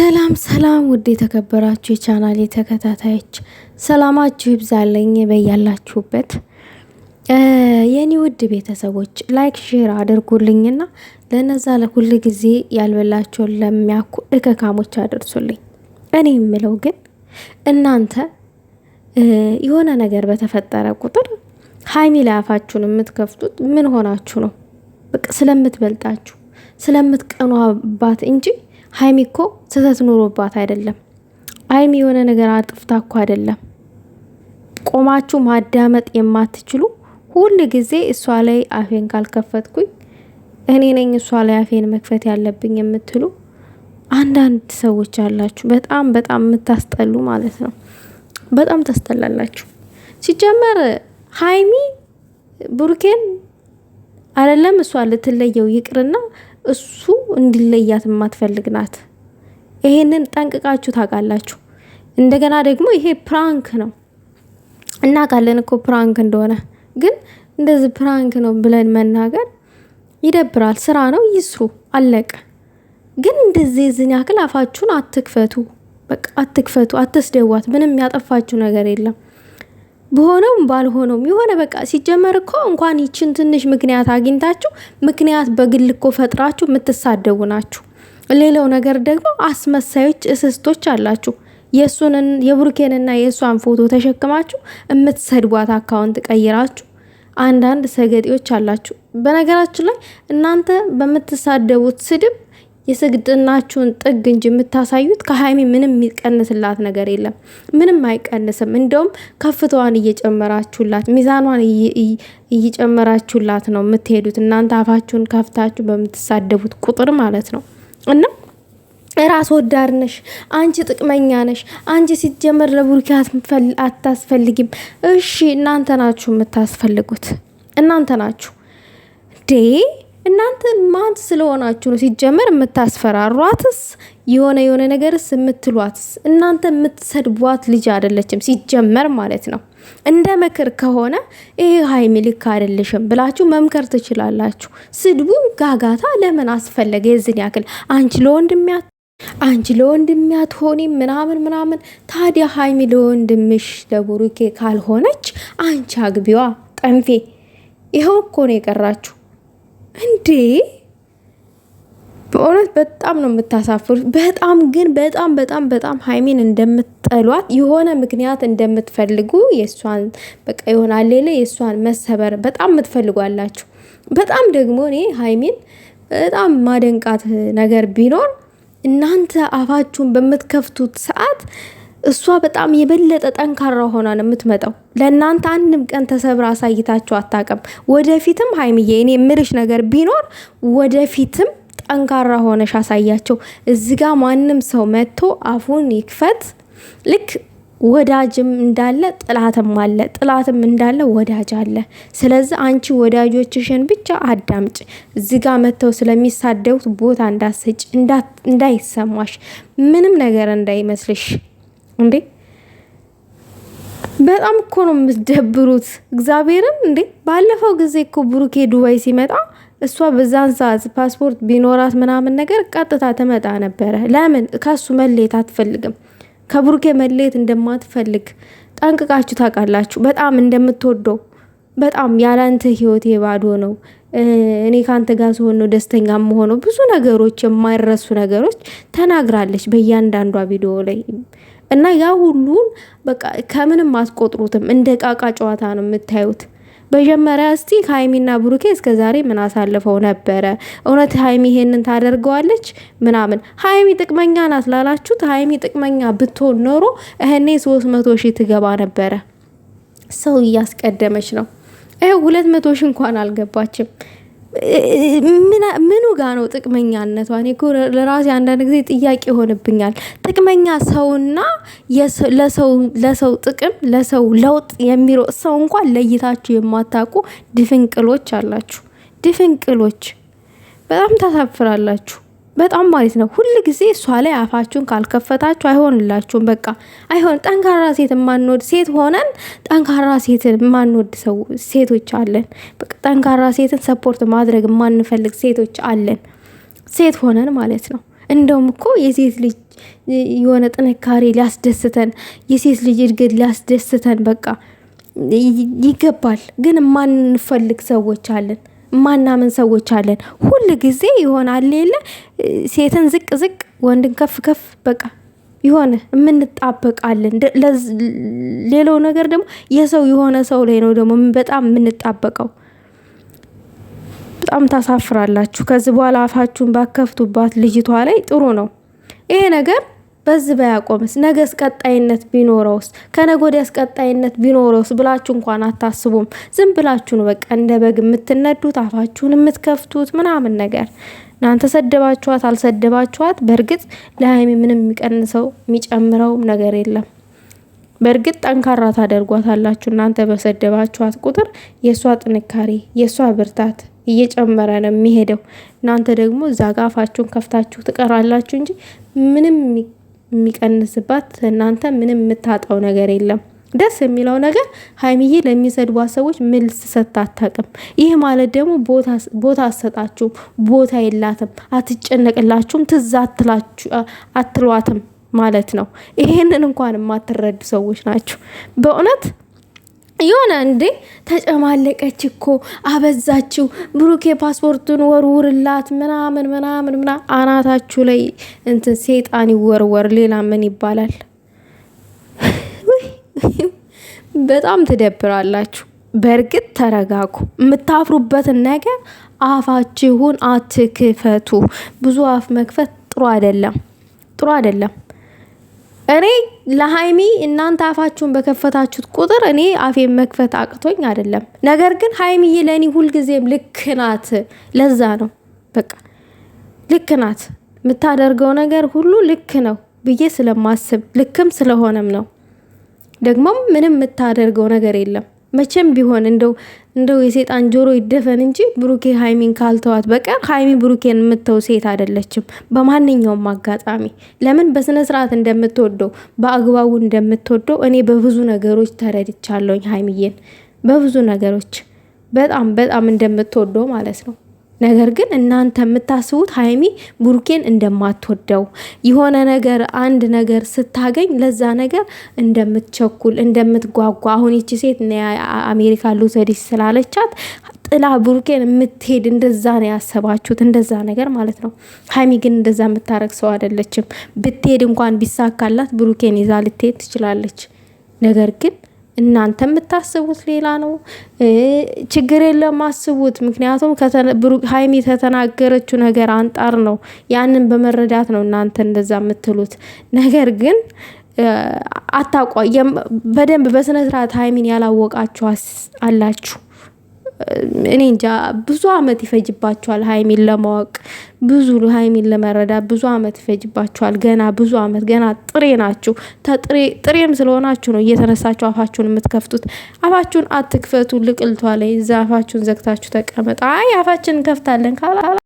ሰላም ሰላም ውድ የተከበራችሁ የቻናል ተከታታዮች ሰላማችሁ ይብዛለኝ በያላችሁበት። የኔ ውድ ቤተሰቦች ላይክ ሼር አድርጉልኝና ለነዛ ለሁል ጊዜ ያልበላቸውን ለሚያኩ እከካሞች አድርሱልኝ። እኔ የምለው ግን እናንተ የሆነ ነገር በተፈጠረ ቁጥር ሀይሚ ላይ አፋችሁን የምትከፍቱት ምን ሆናችሁ ነው? በቃ ስለምትበልጣችሁ ስለምትቀኗባት እንጂ ሀይሚ እኮ ስህተት ኖሮባት አይደለም። ሀይሚ የሆነ ነገር አጥፍታ እኮ አይደለም። ቆማችሁ ማዳመጥ የማትችሉ ሁል ጊዜ እሷ ላይ አፌን ካልከፈትኩኝ እኔ ነኝ እሷ ላይ አፌን መክፈት ያለብኝ የምትሉ አንዳንድ ሰዎች አላችሁ። በጣም በጣም የምታስጠሉ ማለት ነው። በጣም ታስጠላላችሁ። ሲጀመር ሀይሚ ብሩኬን አይደለም እሷ ልትለየው ይቅርና እሱ እንዲለያት የማትፈልግ ናት። ይሄንን ጠንቅቃችሁ ታውቃላችሁ። እንደገና ደግሞ ይሄ ፕራንክ ነው እናውቃለን እኮ ፕራንክ እንደሆነ፣ ግን እንደዚህ ፕራንክ ነው ብለን መናገር ይደብራል። ስራ ነው ይስሩ፣ አለቀ። ግን እንደዚህ ዝን ያክል አፋችሁን አትክፈቱ፣ በቃ አትክፈቱ፣ አትስደዋት። ምንም ያጠፋችሁ ነገር የለም። በሆነውም ባልሆነውም የሆነ በቃ ሲጀመር እኮ እንኳን ይችን ትንሽ ምክንያት አግኝታችሁ ምክንያት በግል እኮ ፈጥራችሁ የምትሳደቡ ናችሁ። ሌላው ነገር ደግሞ አስመሳዮች እስስቶች አላችሁ። የእሱንን የብሩኬንና የእሷን ፎቶ ተሸክማችሁ የምትሰድቧት አካውንት ቀይራችሁ አንዳንድ ሰገጤዎች አላችሁ። በነገራችን ላይ እናንተ በምትሳደቡት ስድብ የስግድናችሁን ጥግ እንጂ የምታሳዩት ከሀይሚ ምንም የሚቀንስላት ነገር የለም። ምንም አይቀንስም። እንደውም ከፍታዋን እየጨመራችሁላት፣ ሚዛኗን እየጨመራችሁላት ነው የምትሄዱት እናንተ አፋችሁን ከፍታችሁ በምትሳደቡት ቁጥር ማለት ነው እና ራስ ወዳድ ነሽ አንቺ፣ ጥቅመኛ ነሽ አንቺ። ሲጀመር ለቡርኪያት አታስፈልጊም። እሺ እናንተ ናችሁ የምታስፈልጉት፣ እናንተ ናችሁ ዴ እናንተ ማን ስለሆናችሁ ነው ሲጀመር የምታስፈራሯትስ? የሆነ የሆነ ነገርስ የምትሏትስ? እናንተ የምትሰድቧት ልጅ አይደለችም ሲጀመር ማለት ነው። እንደ ምክር ከሆነ ይህ ሀይሚ ልክ አይደለሽም ብላችሁ መምከር ትችላላችሁ። ስድቡ ጋጋታ ለምን አስፈለገ? የዝን ያክል አንቺ ለወንድሚያት አንቺ ለወንድሚያት ሆኒ ምናምን ምናምን። ታዲያ ሀይሚ ለወንድምሽ ለቡሩኬ ካልሆነች አንቺ አግቢዋ ጠንፌ። ይኸው እኮ ነው የቀራችሁ። እንዴ በእውነት በጣም ነው የምታሳፍሩ በጣም ግን በጣም በጣም በጣም ሀይሚን እንደምትጠሏት የሆነ ምክንያት እንደምትፈልጉ የእሷን በቃ የሆነ ሌለ የእሷን መሰበር በጣም የምትፈልጓላችሁ። በጣም ደግሞ እኔ ሀይሚን በጣም ማደንቃት ነገር ቢኖር እናንተ አፋችሁን በምትከፍቱት ሰዓት እሷ በጣም የበለጠ ጠንካራ ሆና ነው የምትመጣው። ለእናንተ አንድም ቀን ተሰብራ አሳይታችሁ አታውቅም። ወደፊትም ሀይሚዬ፣ እኔ የምልሽ ነገር ቢኖር ወደፊትም ጠንካራ ሆነሽ አሳያቸው። እዚ ጋ ማንም ሰው መጥቶ አፉን ይክፈት። ልክ ወዳጅም እንዳለ ጥላትም አለ፣ ጥላትም እንዳለ ወዳጅ አለ። ስለዚህ አንቺ ወዳጆችሽን ብቻ አዳምጭ። እዚ ጋ መጥተው ስለሚሳደቡት ቦታ እንዳትሰጭ፣ እንዳይሰማሽ፣ ምንም ነገር እንዳይመስልሽ። እንዴ በጣም እኮ ነው የምትደብሩት። እግዚአብሔርን እንዴ ባለፈው ጊዜ እኮ ብሩኬ ዱባይ ሲመጣ እሷ በዛን ሰዓት ፓስፖርት ቢኖራት ምናምን ነገር ቀጥታ ትመጣ ነበረ። ለምን ከሱ መለየት አትፈልግም? ከብሩኬ መለየት እንደማትፈልግ ጠንቅቃችሁ ታውቃላችሁ። በጣም እንደምትወደው በጣም ያላንተ ህይወቴ ባዶ ነው፣ እኔ ከአንተ ጋር ስሆን ነው ደስተኛ መሆነው፣ ብዙ ነገሮች የማይረሱ ነገሮች ተናግራለች በእያንዳንዷ ቪዲዮ ላይ እና ያ ሁሉን በቃ ከምንም አትቆጥሩትም። እንደ ቃቃ ጨዋታ ነው የምታዩት። መጀመሪያ እስቲ ሀይሚና ብሩኬ እስከ ዛሬ ምን አሳልፈው ነበረ? እውነት ሀይሚ ይሄንን ታደርገዋለች ምናምን። ሀይሚ ጥቅመኛ ናት ላላችሁት ሀይሚ ጥቅመኛ ብትሆን ኖሮ እህኔ ሶስት መቶ ሺህ ትገባ ነበረ። ሰው እያስቀደመች ነው። ይህ ሁለት መቶ ሺህ እንኳን አልገባችም። ምኑ ጋ ነው ጥቅመኛነቷ? እኔ እኮ ለራሴ አንዳንድ ጊዜ ጥያቄ ይሆንብኛል። ጥቅመኛ ሰውና ለሰው ጥቅም ለሰው ለውጥ የሚሮጥ ሰው እንኳን ለይታችሁ የማታውቁ ድፍንቅሎች አላችሁ። ድፍንቅሎች በጣም ታሳፍራላችሁ። በጣም ማለት ነው። ሁል ጊዜ እሷ ላይ አፋችሁን ካልከፈታችሁ አይሆንላችሁም። በቃ አይሆን ጠንካራ ሴት የማንወድ ሴት ሆነን ጠንካራ ሴትን የማንወድ ሰው ሴቶች አለን። በቃ ጠንካራ ሴትን ሰፖርት ማድረግ የማንፈልግ ሴቶች አለን። ሴት ሆነን ማለት ነው። እንደውም እኮ የሴት ልጅ የሆነ ጥንካሬ ሊያስደስተን፣ የሴት ልጅ እድገት ሊያስደስተን በቃ ይገባል። ግን የማንፈልግ ሰዎች አለን። ማናምን ሰዎች አለን። ሁል ጊዜ ይሆናል የለ ሴትን ዝቅ ዝቅ ወንድን ከፍ ከፍ በቃ የሆነ የምንጣበቃለን። ሌላው ነገር ደግሞ የሰው የሆነ ሰው ላይ ነው ደግሞ በጣም የምንጣበቀው። በጣም ታሳፍራላችሁ። ከዚህ በኋላ አፋችሁን ባከፍቱባት ልጅቷ ላይ ጥሩ ነው ይሄ ነገር። በዚህ በያቆምስ ነገስ ቀጣይነት ቢኖረውስ ከነገ ቀጣይነት ቢኖረውስ ብላችሁ እንኳን አታስቡም። ዝም ብላችሁ ነው በቃ እንደ በግ የምትነዱት አፋችሁን የምትከፍቱት ምናምን ነገር። እናንተ ሰደባችኋት አልሰደባችኋት፣ በእርግጥ ለሀይሚ ምንም የሚቀንሰው የሚጨምረው ነገር የለም። በእርግጥ ጠንካራ ታደርጓታላችሁ። እናንተ በሰደባችኋት ቁጥር የእሷ ጥንካሬ የእሷ ብርታት እየጨመረ ነው የሚሄደው። እናንተ ደግሞ እዛ ጋ አፋችሁን ከፍታችሁ ትቀራላችሁ እንጂ ምንም የሚቀንስባት እናንተ ምንም የምታጣው ነገር የለም። ደስ የሚለው ነገር ሀይሚዬ ለሚሰድቧ ሰዎች መልስ ሰጥታ አታውቅም። ይህ ማለት ደግሞ ቦታ አሰጣችሁም ቦታ የላትም፣ አትጨነቅላችሁም፣ ትዝ አትሏትም ማለት ነው። ይሄንን እንኳን የማትረዱ ሰዎች ናቸው በእውነት የሆነ እንዴ ተጨማለቀች እኮ አበዛችው። ብሩኬ ፓስፖርቱን ወርውርላት ምናምን ምናምን ምና አናታችሁ ላይ እንትን ሴጣን ይወርወር። ሌላ ምን ይባላል? በጣም ትደብራላችሁ። በእርግጥ ተረጋጉ። የምታፍሩበትን ነገር አፋችሁን አትክፈቱ። ብዙ አፍ መክፈት ጥሩ አይደለም፣ ጥሩ አይደለም። እኔ ለሀይሚ እናንተ አፋችሁን በከፈታችሁት ቁጥር እኔ አፌን መክፈት አቅቶኝ አይደለም። ነገር ግን ሀይሚዬ ለእኔ ሁልጊዜም ልክ ናት። ለዛ ነው በቃ ልክ ናት፣ የምታደርገው ነገር ሁሉ ልክ ነው ብዬ ስለማስብ ልክም ስለሆነም ነው። ደግሞም ምንም የምታደርገው ነገር የለም መቼም ቢሆን እንደው እንደው የሴጣን ጆሮ ይደፈን እንጂ ብሩኬ ሀይሚን ካልተዋት በቀር ሀይሚ ብሩኬን የምተው ሴት አይደለችም። በማንኛውም አጋጣሚ ለምን በስነ ስርዓት እንደምትወደው በአግባቡ እንደምትወደው እኔ በብዙ ነገሮች ተረድቻለሁኝ። ሀይሚዬን በብዙ ነገሮች በጣም በጣም እንደምትወደው ማለት ነው። ነገር ግን እናንተ የምታስቡት ሀይሚ ቡርኬን እንደማትወደው የሆነ ነገር አንድ ነገር ስታገኝ ለዛ ነገር እንደምትቸኩል እንደምትጓጓ አሁን ይቺ ሴት አሜሪካ ልውሰድሽ ስላለቻት ጥላ ቡርኬን የምትሄድ እንደዛ ነው ያሰባችሁት፣ እንደዛ ነገር ማለት ነው። ሀይሚ ግን እንደዛ የምታረግ ሰው አይደለችም። ብትሄድ እንኳን ቢሳካላት ቡርኬን ይዛ ልትሄድ ትችላለች። ነገር ግን እናንተ የምታስቡት ሌላ ነው። ችግር የለም አስቡት። ምክንያቱም ሀይሚ ከተናገረችው ነገር አንጣር ነው፣ ያንን በመረዳት ነው እናንተ እንደዛ የምትሉት ነገር ግን አታቋ በደንብ በስነስርዓት ሀይሚን ያላወቃችሁ አላችሁ። እኔ እንጃ ብዙ አመት ይፈጅባቸዋል ሀይሚን ለማወቅ ብዙ ሀይሚን ለመረዳ ብዙ አመት ይፈጅባቸዋል። ገና ብዙ አመት ገና ጥሬ ናችሁ። ጥሬም ስለሆናችሁ ነው እየተነሳችሁ አፋችሁን የምትከፍቱት። አፋችሁን አትክፈቱ። ልቅልቷ ላይ እዛ አፋችሁን ዘግታችሁ ተቀመጣ። አይ አፋችን እንከፍታለን ካላ